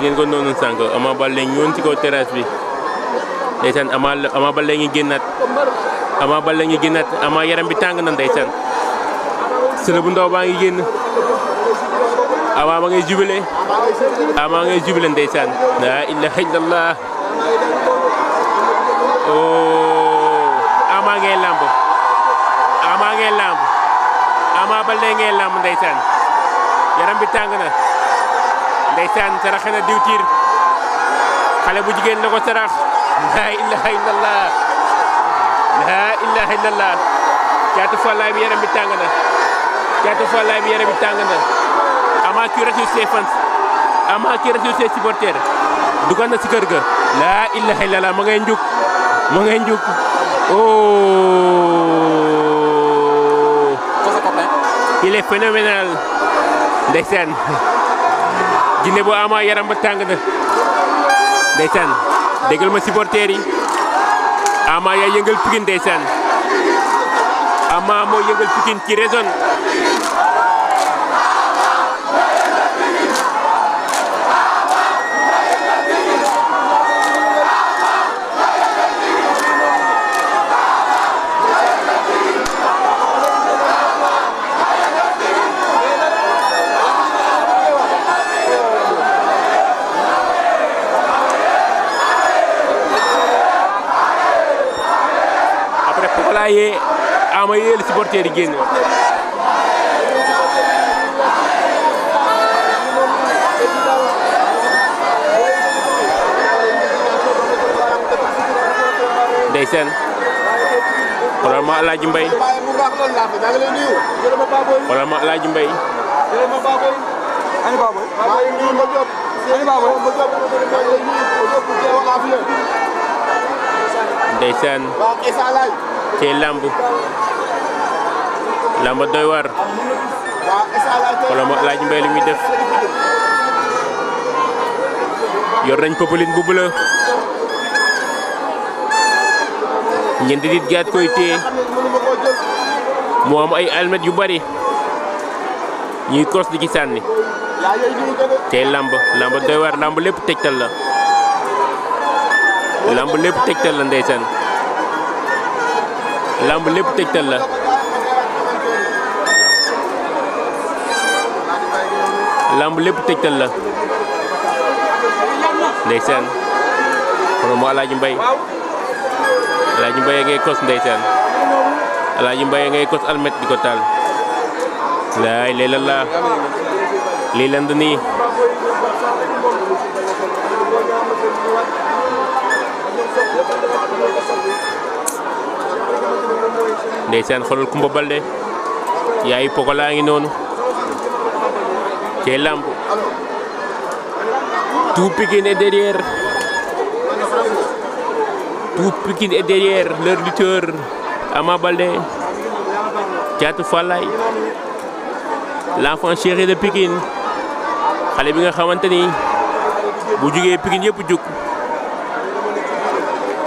gis ngeen ko noonu sànq Ama Baldé ñëwoon ci kaw terrasse bi ndeysaan Ama Ama Baldé ngi génnaat Ama Baldé ngi génnaat Ama yaram bi tàng na ndeysaan sële bu ndaw baa ngi génn Ama ba ngay jubile Ama ngay jubile ndeysaan laa ilaaha illallah oh Ama ngay làmb Ama ngay làmb Ama Baldé ngay làmb ndeysaan yaram bi tàng na ndeysaan saraxe na diwtiir xale bu jigéen la ko sarax laa ilaha laa ilaha illallah caatu fallaay bi yaram bi tàng na caatu fallaay bi yaram bi tàng na ama ki rasul ses fans ama ki rasul ses supporter dugal na si kër ga laa ilaha ma ngay njuk ma ngay njuk oh il est phénoménal ndeysaan Guinée bu Ama yaram ba tàng na ndeysaan déggal ma supporters yi Ama yaa yëngal Pikine ndeysaan Ama moo yëngal Pikine ci raison Laye Ama yéeli supporters yi génn ndeysaan xoolal ma Alaaji Mbay xoolal ma Alaaji Mbay ndeysaan ci làmb làmb doy war wala mo laaj mbay li muy def yor nañ popeline bu bula ñeenti nit gaat koy téye mu am ay almet yu bari ñuy kos di ci sànni tey làmb làmb doy war làmb lépp tegtal la làmb lépp tegtal la ndeysaan làmb lépp tegtal la làmb lépp tegtal la ndeysaan kono moo alaaji mbay alaaji mbay ngay kos ndeysaan alaaji mbay ngay kos almet di ko taal laay lay lan lii land nii ndeysaan xoolal Kumba Balde yaay Pokola ngi noonu cee làmb tout Pikine est derrière tout Pikine est derrière leur lutteur Ama Balde Thiatou Falaye l'enfant chéri de Pikine xale bi nga xamante ni bu jugee Pikine yëpp jug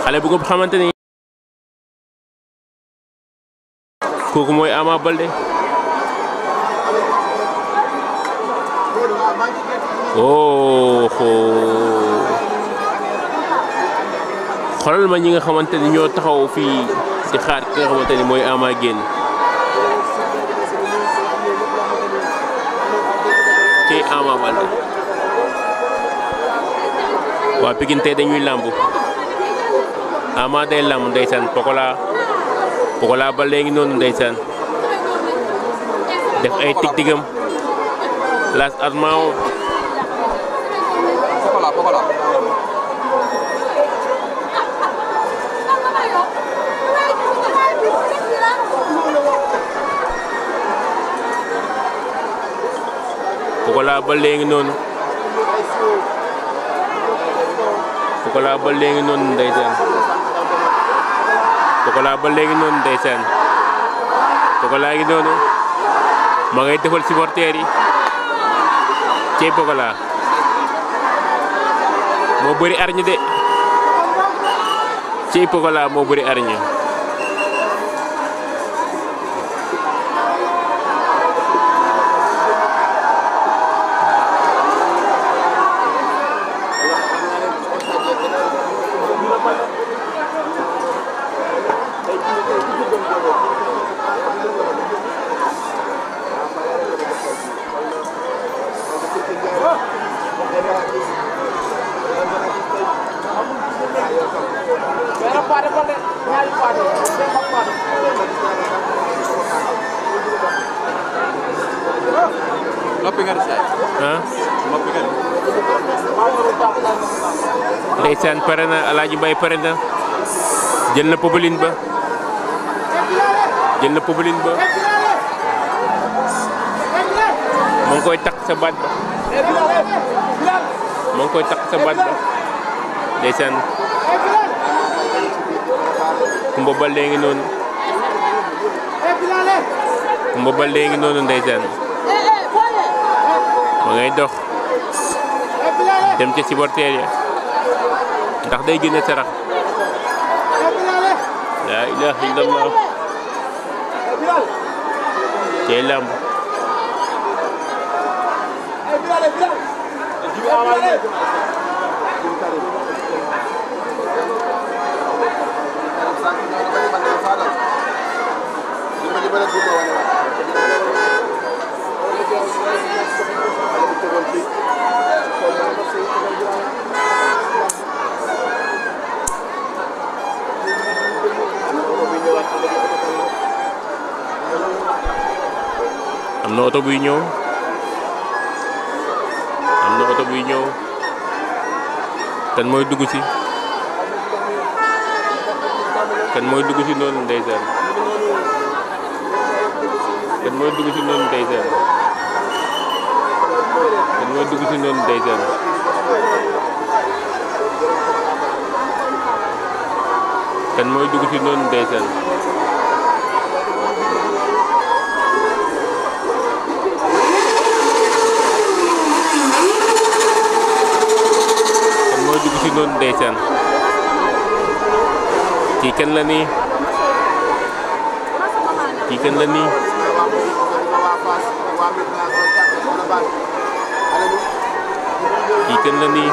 xale bu nga xamante kooku mooy Ama Baldé oh xoolal ma ñi nga xamante ni ñoo taxaw fii di xaar ki nga xamante ni mooy Ama génn ci Ama Baldé waa Pikine dañuy làmb Ama day làmb ndeysaan Pokola Pokola ba léegi noonu ndeysaan def ay tig digam las armao Pokola Pokola Pokola ba léegi noonu Pokola ba léegi noonu ndeysaan Pokola ba léegi noonu ndeysaan Pokola gi noonu moo ngay defal supporters yi cey Pokola moo bëri arñu de cey Pokola moo bëri arñi pingar ah ndeysaan pare na Alaaji Mbay pare na jël na popeline ba jël na ba mu ngi koy takk sa baat ba mu ngi koy takk sa baat ba ndeysaan Kumba Baldé ngi noonu Kumba Baldé ngi ma ngay dox dem ca supporter ya ndax day génne sarax am na oto buy ñëw am na ñëw kan mooy dugg ci ten mooy dugg ci noonu ndeysaan kan mooy dugg ci noonu ndeysaan kon dugg ci noonu ndeysaan kan mooy dugg ci noonu ndeysaan kan mooy ci noonu ndeysaan kii kan la ni kii kan la nii Beacon la nii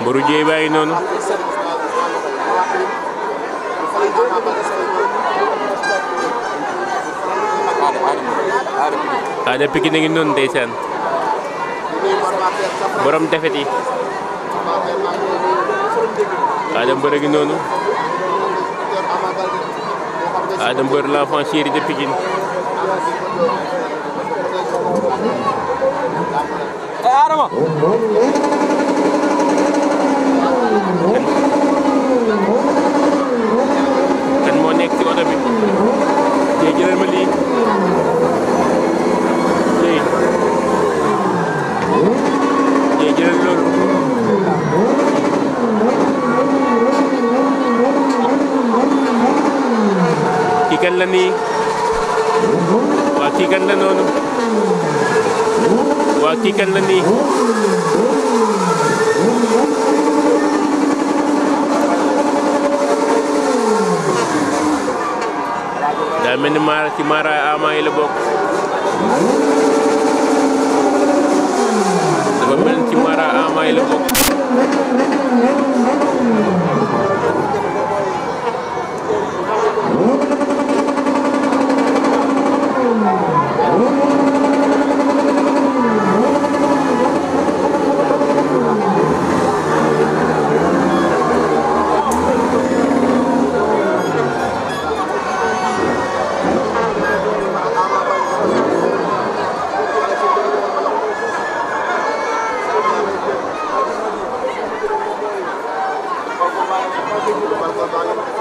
mburu jéey baa ngi noonu aada Pikine ngi noonu ndeysaan borom defet yi Ada Mbeur a ngi noonu Ada Mbeur l'enfant chéri de Pikine eh Adama mel na kii kan la noonu kii kan la nii daa mel ni ci maara la bokk